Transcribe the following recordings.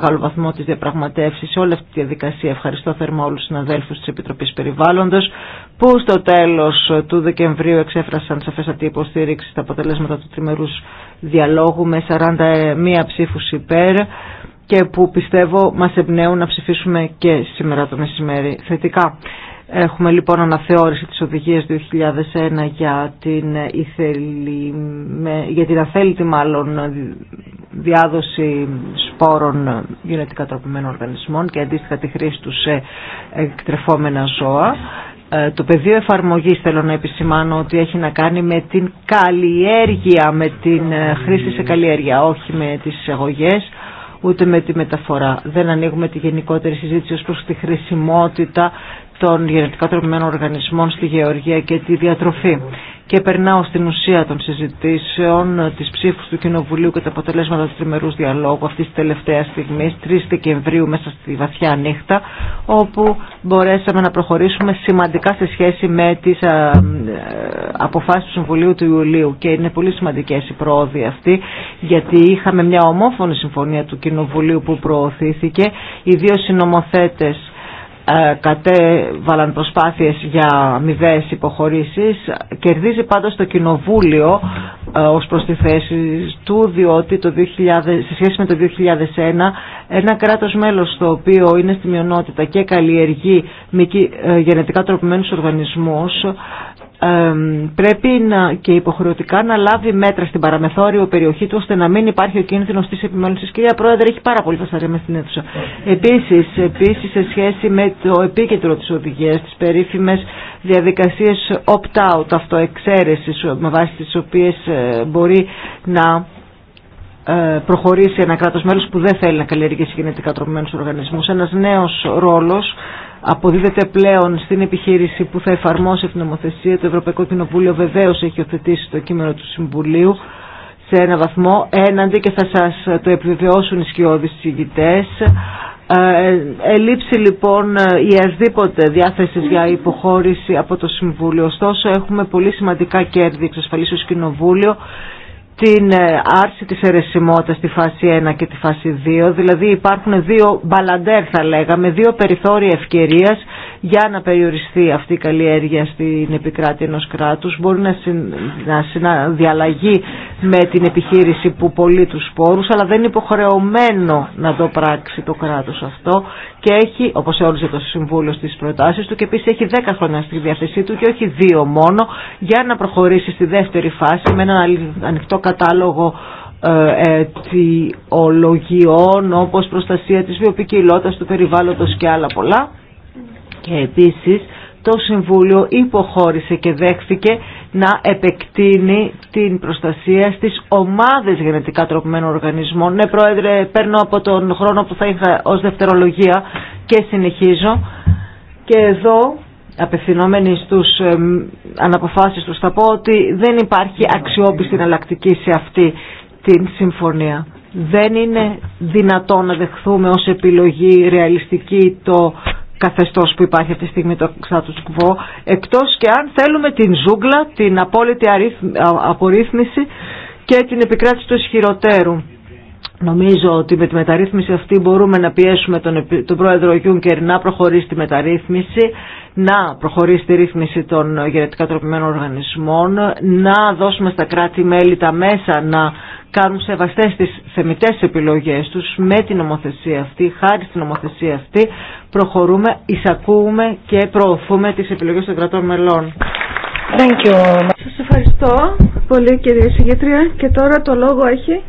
καλό βαθμό τις διαπραγματεύσεις σε όλη αυτή τη διαδικασία. Ευχαριστώ θερμά όλους τους συναδέλφους της Επιτροπής Περιβάλλοντος που στο τέλος του Δεκεμβρίου εξέφρασαν σαφέστατη υποστήριξη στα αποτελέσματα του τριμερούς διαλόγου με 41 ψήφους υπέρ και που πιστεύω μας εμπνέουν να ψηφίσουμε και σήμερα το μεσημέρι θετικά. Έχουμε λοιπόν αναθεώρηση της οδηγίας 2001 για την, ηθελη, για την αθέλητη μάλλον διάδοση σπόρων γενετικά τροπημένων οργανισμών και αντίστοιχα τη χρήση του σε εκτρεφόμενα ζώα. Ε, το πεδίο εφαρμογής θέλω να επισημάνω ότι έχει να κάνει με την καλλιέργεια, με την ε, χρήση σε καλλιέργεια, όχι με τις εισαγωγές ούτε με τη μεταφορά. Δεν ανοίγουμε τη γενικότερη συζήτηση ως προς τη χρησιμότητα των γενετικά τροπημένων οργανισμών στη γεωργία και τη διατροφή. Και περνάω στην ουσία των συζητήσεων ε, τη ψήφου του Κοινοβουλίου και τα αποτελέσματα του τριμερού διαλόγου αυτή τη τελευταία στιγμή, 3 Δεκεμβρίου, μέσα στη βαθιά νύχτα, όπου μπορέσαμε να προχωρήσουμε σημαντικά σε σχέση με τι ε, ε, αποφάσει του Συμβουλίου του Ιουλίου. Και είναι πολύ σημαντικέ οι πρόοδοι αυτοί, γιατί είχαμε μια ομόφωνη συμφωνία του Κοινοβουλίου που προωθήθηκε. Οι δύο συνομοθέτε. Ε, κατέβαλαν προσπάθειες για αμοιβές υποχωρήσεις κερδίζει πάντως το κοινοβούλιο ε, ως προς τη θέση του διότι το 2000, σε σχέση με το 2001 ένα κράτος μέλος το οποίο είναι στη μειονότητα και καλλιεργεί ε, γενετικά τροπημένους οργανισμούς πρέπει να, και υποχρεωτικά να λάβει μέτρα στην παραμεθόριο περιοχή του ώστε να μην υπάρχει ο κίνδυνο τη επιμέλωση. Κυρία Πρόεδρε, έχει πάρα πολύ φασαρία με στην αίθουσα. Επίση, επίσης, σε σχέση με το επίκεντρο τη οδηγία, τις περιφημε διαδικασιες διαδικασίε opt-out, αυτοεξαίρεση, με βάση τι οποίε ε, μπορεί να ε, προχωρήσει ένα κράτος μέλος που δεν θέλει να καλλιεργήσει γενετικά τροπημένους οργανισμούς. Ένας νέος ρόλος αποδίδεται πλέον στην επιχείρηση που θα εφαρμόσει την νομοθεσία. Το Ευρωπαϊκό Κοινοβούλιο βεβαίως έχει οθετήσει το κείμενο του Συμβουλίου σε ένα βαθμό έναντι και θα σας το επιβεβαιώσουν οι σκιώδεις συγγητές. Ελείψει λοιπόν η ασδήποτε διάθεση για υποχώρηση από το Συμβούλιο. Ωστόσο έχουμε πολύ σημαντικά κέρδη εξασφαλίσει Κοινοβούλιο την ε, άρση της αιρεσιμότητας στη φάση 1 και τη φάση 2, δηλαδή υπάρχουν δύο μπαλαντέρ θα λέγαμε, δύο περιθώρια ευκαιρίας για να περιοριστεί αυτή η καλλιέργεια στην επικράτη ενός κράτους. Μπορεί να, συν, να συναδιαλλαγεί με την επιχείρηση που πολλοί τους σπόρους, αλλά δεν είναι υποχρεωμένο να το πράξει το κράτος αυτό και έχει, όπως όριζε το Συμβούλιο στις προτάσεις του, και επίσης έχει δέκα χρόνια στη διάθεσή του και όχι δύο μόνο, για να προχωρήσει στη δεύτερη φάση με έναν ανοιχτό κατάλογο ε, αιτιολογιών όπως προστασία της βιοποικιλότητας του περιβάλλοντος και άλλα πολλά και επίσης το Συμβούλιο υποχώρησε και δέχθηκε να επεκτείνει την προστασία στις ομάδες γενετικά τροπημένων οργανισμών. Ναι, Πρόεδρε, παίρνω από τον χρόνο που θα είχα ως δευτερολογία και συνεχίζω. Και εδώ, απευθυνόμενοι στους ε, αναποφάσεις τους, θα πω ότι δεν υπάρχει αξιόπιστη εναλλακτική σε αυτή την συμφωνία. Δεν είναι δυνατό να δεχθούμε ως επιλογή ρεαλιστική το καθεστώς που υπάρχει αυτή τη στιγμή το status quo εκτός και αν θέλουμε την ζούγκλα, την απόλυτη απορρίθμιση και την επικράτηση του ισχυροτέρου. Νομίζω ότι με τη μεταρρύθμιση αυτή μπορούμε να πιέσουμε τον, τον πρόεδρο Γιούνκερ να προχωρήσει τη μεταρρύθμιση, να προχωρήσει τη ρύθμιση των γενετικά τροπημένων οργανισμών, να δώσουμε στα κράτη-μέλη τα μέσα να κάνουν σεβαστές τις θεμητές επιλογές τους με την νομοθεσία αυτή, χάρη στην νομοθεσία αυτή προχωρούμε, εισακούμε και προωθούμε τις επιλογές των κρατών μελών. Thank you. Σας ευχαριστώ πολύ κυρία Συγγετρία και τώρα το λόγο έχει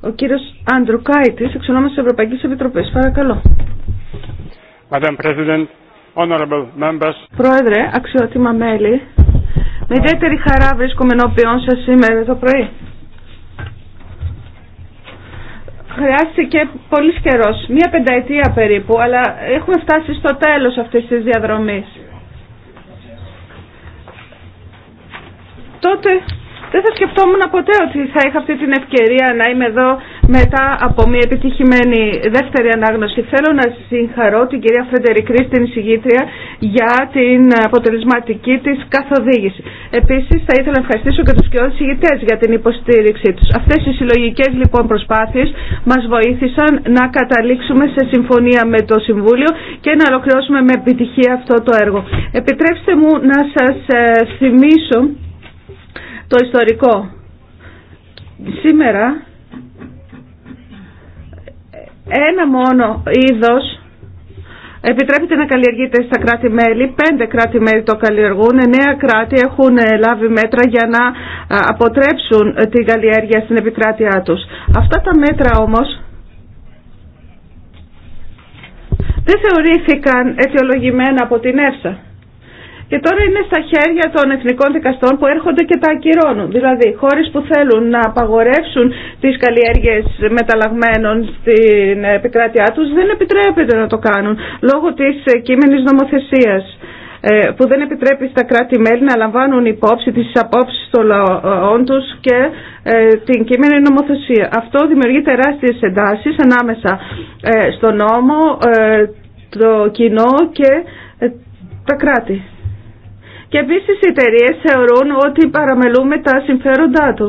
ο κύριος Αντρουκάητης, εξ ονόμας της Ευρωπαϊκής Επιτροπής. Παρακαλώ. Madam President, honorable members. Πρόεδρε, αξιότιμα μέλη, με ιδιαίτερη χαρά βρίσκομαι ενώπιόν σας σήμερα το πρωί Χρειάστηκε πολύ καιρό, μία πενταετία περίπου, αλλά έχουμε φτάσει στο τέλος αυτή τη διαδρομή. Τότε δεν θα σκεφτόμουν ποτέ ότι θα είχα αυτή την ευκαιρία να είμαι εδώ μετά από μια επιτυχημένη δεύτερη ανάγνωση θέλω να συγχαρώ την κυρία Φεντερικρή στην εισηγήτρια για την αποτελεσματική της καθοδήγηση. Επίσης θα ήθελα να ευχαριστήσω και τους κοινούς εισηγητές για την υποστήριξή τους. Αυτές οι συλλογικές λοιπόν προσπάθειες μας βοήθησαν να καταλήξουμε σε συμφωνία με το Συμβούλιο και να ολοκληρώσουμε με επιτυχία αυτό το έργο. Επιτρέψτε μου να σας ε, θυμίσω το ιστορικό. Σήμερα ένα μόνο είδος επιτρέπεται να καλλιεργείται στα κράτη-μέλη. Πέντε κράτη-μέλη το καλλιεργούν. Εννέα κράτη έχουν ε, λάβει μέτρα για να ε, αποτρέψουν ε, την καλλιέργεια στην επικράτειά τους. Αυτά τα μέτρα όμως δεν θεωρήθηκαν αιτιολογημένα από την ΕΦΣΑ. Και τώρα είναι στα χέρια των εθνικών δικαστών που έρχονται και τα ακυρώνουν. Δηλαδή, χώρε που θέλουν να απαγορεύσουν τι καλλιέργειε μεταλλαγμένων στην επικράτειά του δεν επιτρέπεται να το κάνουν λόγω τη κείμενη νομοθεσία ε, που δεν επιτρέπει στα κράτη-μέλη να λαμβάνουν υπόψη τις απόψεις των λαών τους και ε, την κείμενη νομοθεσία. Αυτό δημιουργεί τεράστιες εντάσεις ανάμεσα ε, στο νόμο, το κοινό και τα κράτη. Και επίση οι εταιρείε θεωρούν ότι παραμελούμε τα συμφέροντά του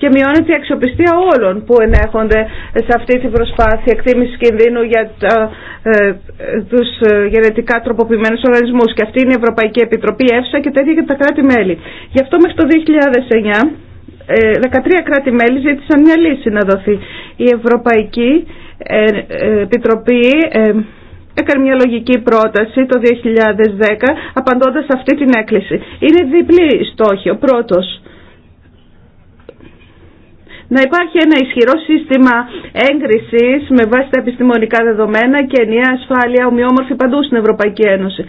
και μειώνεται η αξιοπιστία όλων που ενέχονται σε αυτή την προσπάθεια εκτίμηση κινδύνου για ε, τους ε, γενετικά τροποποιημένους οργανισμούς και αυτή είναι η Ευρωπαϊκή Επιτροπή, ΕΦΣΑ και τέτοια για τα κράτη-μέλη. Γι' αυτό μέχρι το 2009 13 ε, κράτη-μέλη ζήτησαν μια λύση να δοθεί. Η Ευρωπαϊκή ε, Επιτροπή έκανε μια λογική πρόταση το 2010 απαντώντας αυτή την έκκληση. Είναι διπλή στόχη. Ο πρώτος, να υπάρχει ένα ισχυρό σύστημα έγκρισης με βάση τα επιστημονικά δεδομένα και ενιαία ασφάλεια ομοιόμορφη παντού στην Ευρωπαϊκή Ένωση.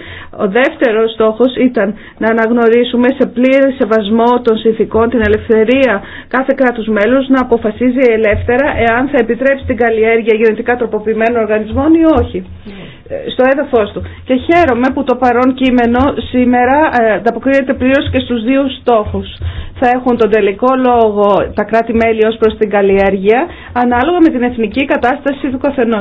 Ο δεύτερος στόχος ήταν να αναγνωρίσουμε σε πλήρη σεβασμό των συνθήκων την ελευθερία κάθε κράτους μέλους να αποφασίζει ελεύθερα εάν θα επιτρέψει την καλλιέργεια γενετικά τροποποιημένων οργανισμών ή όχι. Ναι στο έδαφο του. Και χαίρομαι που το παρόν κείμενο σήμερα ε, ανταποκρίνεται πλήρω και στου δύο στόχου. Θα έχουν τον τελικό λόγο τα κράτη-μέλη ως προς την καλλιέργεια, ανάλογα με την εθνική κατάσταση του καθενό.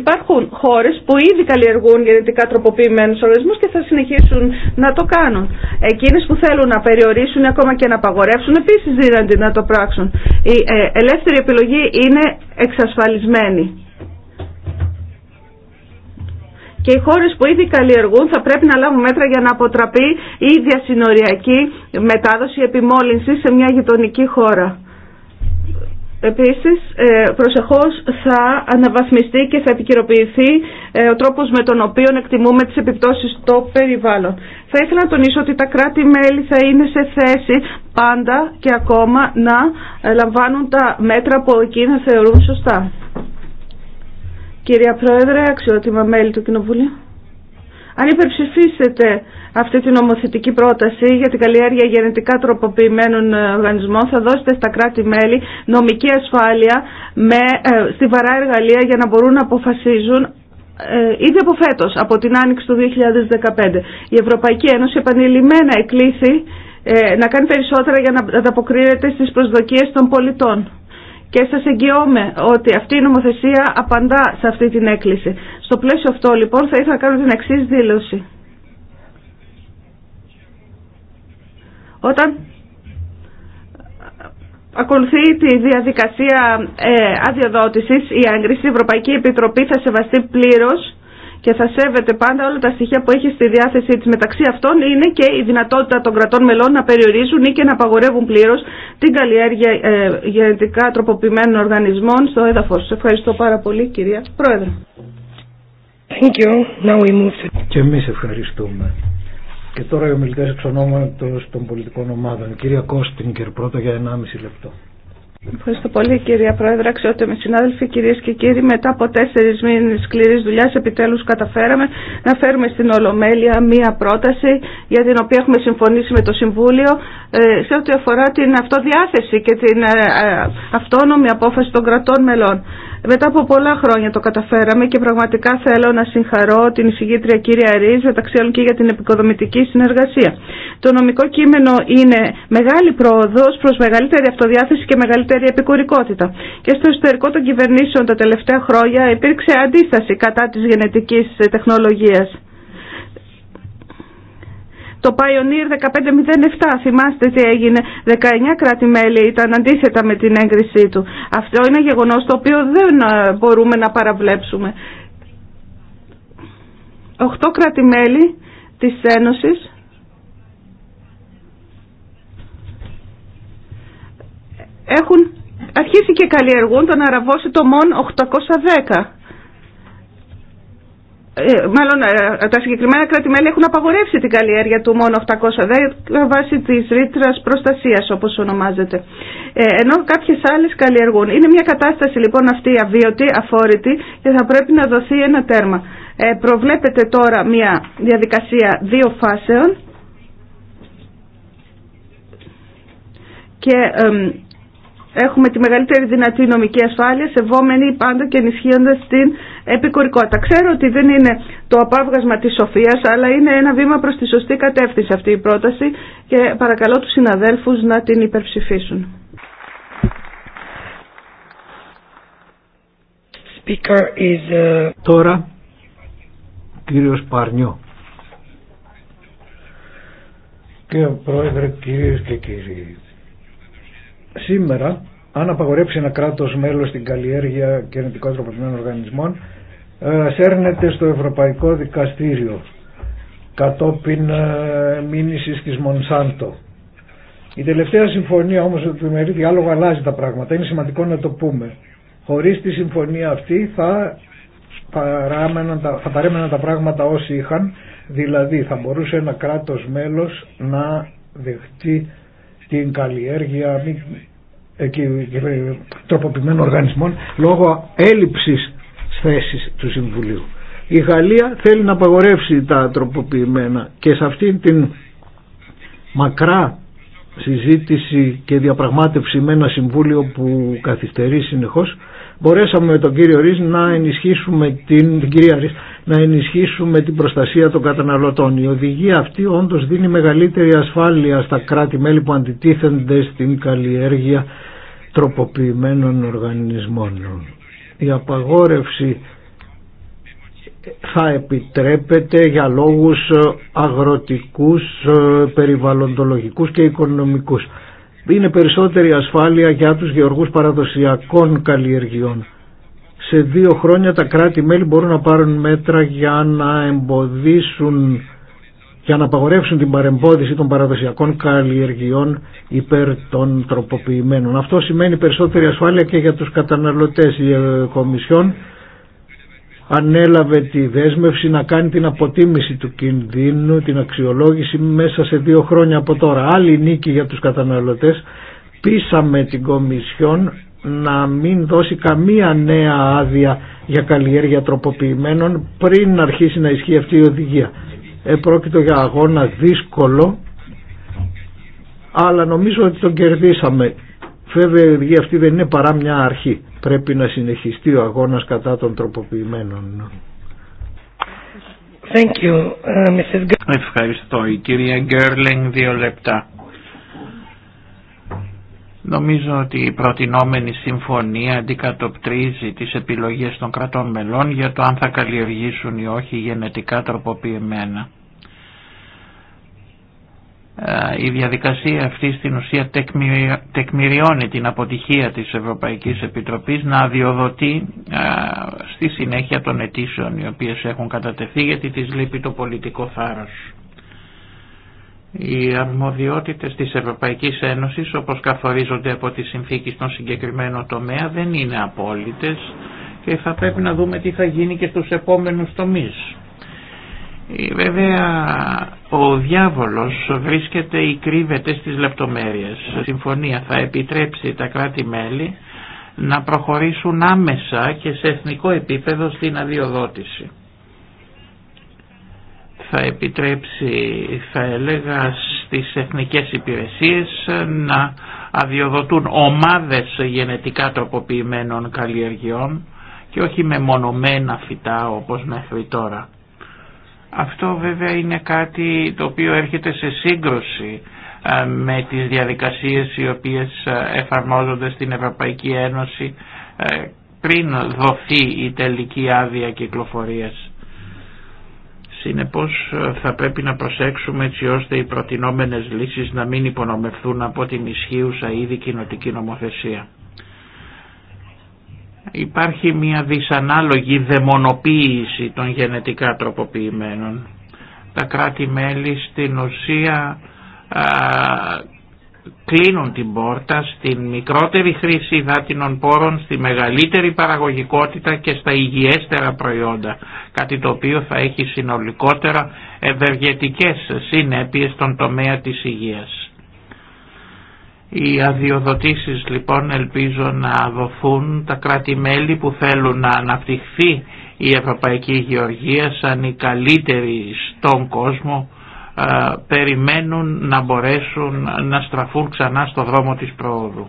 Υπάρχουν χώρε που ήδη καλλιεργούν γενετικά τροποποιημένου οργανισμού και θα συνεχίσουν να το κάνουν. Εκείνε που θέλουν να περιορίσουν ή ακόμα και να απαγορεύσουν επίση δίνονται να το πράξουν. Η ε, ελεύθερη επιλογή είναι εξασφαλισμένη και οι χώρε που ήδη καλλιεργούν θα πρέπει να λάβουν μέτρα για να αποτραπεί η διασυνοριακή μετάδοση επιμόλυνση σε μια γειτονική χώρα. Επίσης, ε, προσεχώς θα αναβαθμιστεί και θα επικυρωποιηθεί ε, ο τρόπος με τον οποίο εκτιμούμε τις επιπτώσεις στο περιβάλλον. Θα ήθελα να τονίσω ότι τα κράτη-μέλη θα είναι σε θέση πάντα και ακόμα να ε, λαμβάνουν τα μέτρα που εκείνα θεωρούν σωστά. Κυρία Πρόεδρε, αξιότιμα μέλη του Κοινοβουλίου. Αν υπερψηφίσετε αυτή την νομοθετική πρόταση για την καλλιέργεια γενετικά τροποποιημένων ε, οργανισμών, θα δώσετε στα κράτη-μέλη νομική ασφάλεια με ε, στιβαρά εργαλεία για να μπορούν να αποφασίζουν ε, ήδη από φέτος, από την άνοιξη του 2015. Η Ευρωπαϊκή Ένωση επανειλημμένα εκλήθη να κάνει περισσότερα για να ανταποκρίνεται στις προσδοκίες των πολιτών και σας εγγυώμαι ότι αυτή η νομοθεσία απαντά σε αυτή την έκκληση. Στο πλαίσιο αυτό λοιπόν θα ήθελα να κάνω την εξή δήλωση. Όταν ακολουθεί τη διαδικασία ε, αδειοδότησης, η Άγκριση, Ευρωπαϊκή Επιτροπή θα σεβαστεί πλήρως και θα σέβεται πάντα όλα τα στοιχεία που έχει στη διάθεσή της. Μεταξύ αυτών είναι και η δυνατότητα των κρατών μελών να περιορίζουν ή και να απαγορεύουν πλήρω την καλλιέργεια ε, γενετικά τροποποιημένων οργανισμών στο έδαφος. Σα ευχαριστώ πάρα πολύ κυρία Πρόεδρε. Thank you. Now we move to... Και εμεί ευχαριστούμε. Και τώρα οι ομιλητέ εξ των πολιτικών ομάδων. κυρία Κώστιγκερ πρώτα για 1,5 λεπτό. Ευχαριστώ πολύ κυρία Πρόεδρε, αξιότιμοι συνάδελφοι, κυρίες και κύριοι. Μετά από τέσσερις μήνες σκληρής δουλειάς επιτέλους καταφέραμε να φέρουμε στην Ολομέλεια μία πρόταση για την οποία έχουμε συμφωνήσει με το Συμβούλιο ε, σε ό,τι αφορά την αυτοδιάθεση και την ε, ε, αυτόνομη απόφαση των κρατών μελών. Μετά από πολλά χρόνια το καταφέραμε και πραγματικά θέλω να συγχαρώ την εισηγήτρια κυρία Ρίζ, μεταξύ όλων και για την επικοδομητική συνεργασία. Το νομικό κείμενο είναι μεγάλη πρόοδο προ μεγαλύτερη αυτοδιάθεση και μεγαλύτερη επικουρικότητα. Και στο εσωτερικό των κυβερνήσεων τα τελευταία χρόνια υπήρξε αντίσταση κατά τη γενετική τεχνολογία το Pioneer 1507. Θυμάστε τι έγινε. 19 κράτη-μέλη ήταν αντίθετα με την έγκρισή του. Αυτό είναι γεγονός το οποίο δεν ε, μπορούμε να παραβλεψουμε 8 Οχτώ κράτη-μέλη της Ένωσης έχουν αρχίσει και καλλιεργούν τον το μόν 810 ε, μάλλον ε, τα συγκεκριμένα κράτη-μέλη έχουν απαγορεύσει την καλλιέργεια του μόνο 810 βάσει τη ρήτρα προστασία, όπω ονομάζεται. Ε, ενώ κάποιε άλλε καλλιεργούν. Είναι μια κατάσταση λοιπόν αυτή αβίωτη, αφόρητη και θα πρέπει να δοθεί ένα τέρμα. Ε, προβλέπεται τώρα μια διαδικασία δύο φάσεων και έχουμε τη μεγαλύτερη δυνατή νομική ασφάλεια σεβόμενη πάντα και ενισχύοντας την τα Ξέρω ότι δεν είναι το απάβγασμα της σοφίας, αλλά είναι ένα βήμα προς τη σωστή κατεύθυνση αυτή η πρόταση και παρακαλώ τους συναδέλφους να την υπερψηφίσουν. Speaker is, uh... Τώρα, κύριος Παρνιό. Κύριε Πρόεδρε, κυρίες και κύριοι, σήμερα αν απαγορέψει ένα κράτος μέλος την καλλιέργεια γενετικά τροποποιημένων οργανισμών ε, σέρνεται στο Ευρωπαϊκό Δικαστήριο κατόπιν ε, μήνυσης της Μονσάντο. Η τελευταία συμφωνία όμως του Μερή Διάλογου αλλάζει τα πράγματα. Είναι σημαντικό να το πούμε. Χωρίς τη συμφωνία αυτή θα, θα παρέμεναν τα πράγματα όσοι είχαν, δηλαδή θα μπορούσε ένα κράτος μέλος να δεχτεί την καλλιέργεια τροποποιημένων οργανισμών λόγω έλλειψης θέσης του Συμβουλίου. Η Γαλλία θέλει να απαγορεύσει τα τροποποιημένα και σε αυτήν την μακρά συζήτηση και διαπραγμάτευση με ένα Συμβούλιο που καθυστερεί συνεχώς μπορέσαμε με τον κύριο Ρίζ να ενισχύσουμε την, την να ενισχύσουμε την προστασία των καταναλωτών. Η οδηγία αυτή όντως δίνει μεγαλύτερη ασφάλεια στα κράτη-μέλη που αντιτίθενται στην καλλιέργεια τροποποιημένων οργανισμών. Η απαγόρευση θα επιτρέπεται για λόγους αγροτικούς, περιβαλλοντολογικούς και οικονομικούς είναι περισσότερη ασφάλεια για τους γεωργούς παραδοσιακών καλλιεργειών. Σε δύο χρόνια τα κράτη-μέλη μπορούν να πάρουν μέτρα για να εμποδίσουν για να απαγορεύσουν την παρεμπόδιση των παραδοσιακών καλλιεργειών υπέρ των τροποποιημένων. Αυτό σημαίνει περισσότερη ασφάλεια και για τους καταναλωτές. Η Κομισιόν ανέλαβε τη δέσμευση να κάνει την αποτίμηση του κινδύνου, την αξιολόγηση μέσα σε δύο χρόνια από τώρα. Άλλη νίκη για τους καταναλωτές. Πείσαμε την Κομισιόν να μην δώσει καμία νέα άδεια για καλλιέργεια τροποποιημένων πριν αρχίσει να ισχύει αυτή η οδηγία. Επρόκειτο για αγώνα δύσκολο, αλλά νομίζω ότι τον κερδίσαμε. φεύγει η αυτή δεν είναι παρά μια αρχή πρέπει να συνεχιστεί ο αγώνας κατά των τροποποιημένων. Thank you, uh, Mrs. Ευχαριστώ. Η κυρία Γκέρλινγκ δύο λεπτά. Νομίζω ότι η προτινόμενη συμφωνία αντικατοπτρίζει τις επιλογές των κρατών μελών για το αν θα καλλιεργήσουν ή όχι γενετικά τροποποιημένα ε, η διαδικασία αυτή στην ουσία τεκμηριώνει την αποτυχία της Ευρωπαϊκής Επιτροπής να αδειοδοτεί ε, στη συνέχεια των αιτήσεων οι οποίες έχουν κατατεθεί γιατί της λείπει το πολιτικό θάρρος. Οι αρμοδιότητες της Ευρωπαϊκής Ένωσης όπως καθορίζονται από τη συνθήκη στον συγκεκριμένο τομέα δεν είναι απόλυτες και θα πρέπει να δούμε τι θα γίνει και στους επόμενους τομείς. Ε, βέβαια ο διάβολος βρίσκεται ή κρύβεται στις λεπτομέρειες. Η συμφωνία θα επιτρέψει τα κράτη-μέλη να προχωρήσουν άμεσα και σε εθνικό επίπεδο στην αδειοδότηση. Θα επιτρέψει, θα έλεγα, στις εθνικές υπηρεσίες να αδειοδοτούν ομάδες γενετικά τροποποιημένων καλλιεργειών και όχι με μονομένα φυτά όπως μέχρι τώρα. Αυτό βέβαια είναι κάτι το οποίο έρχεται σε σύγκρουση με τις διαδικασίες οι οποίες εφαρμόζονται στην Ευρωπαϊκή Ένωση πριν δοθεί η τελική άδεια κυκλοφορίας. Συνεπώς θα πρέπει να προσέξουμε έτσι ώστε οι προτινόμενες λύσεις να μην υπονομευθούν από την ισχύουσα ήδη κοινοτική νομοθεσία υπάρχει μια δυσανάλογη δαιμονοποίηση των γενετικά τροποποιημένων. Τα κράτη-μέλη στην ουσία κλείνουν την πόρτα στην μικρότερη χρήση υδάτινων πόρων, στη μεγαλύτερη παραγωγικότητα και στα υγιέστερα προϊόντα, κάτι το οποίο θα έχει συνολικότερα ευεργετικές συνέπειες στον τομέα της υγείας. Οι αδειοδοτήσεις λοιπόν ελπίζω να δοθούν τα κράτη-μέλη που θέλουν να αναπτυχθεί η Ευρωπαϊκή Γεωργία σαν οι καλύτεροι στον κόσμο ε, περιμένουν να μπορέσουν να στραφούν ξανά στο δρόμο της πρόοδου.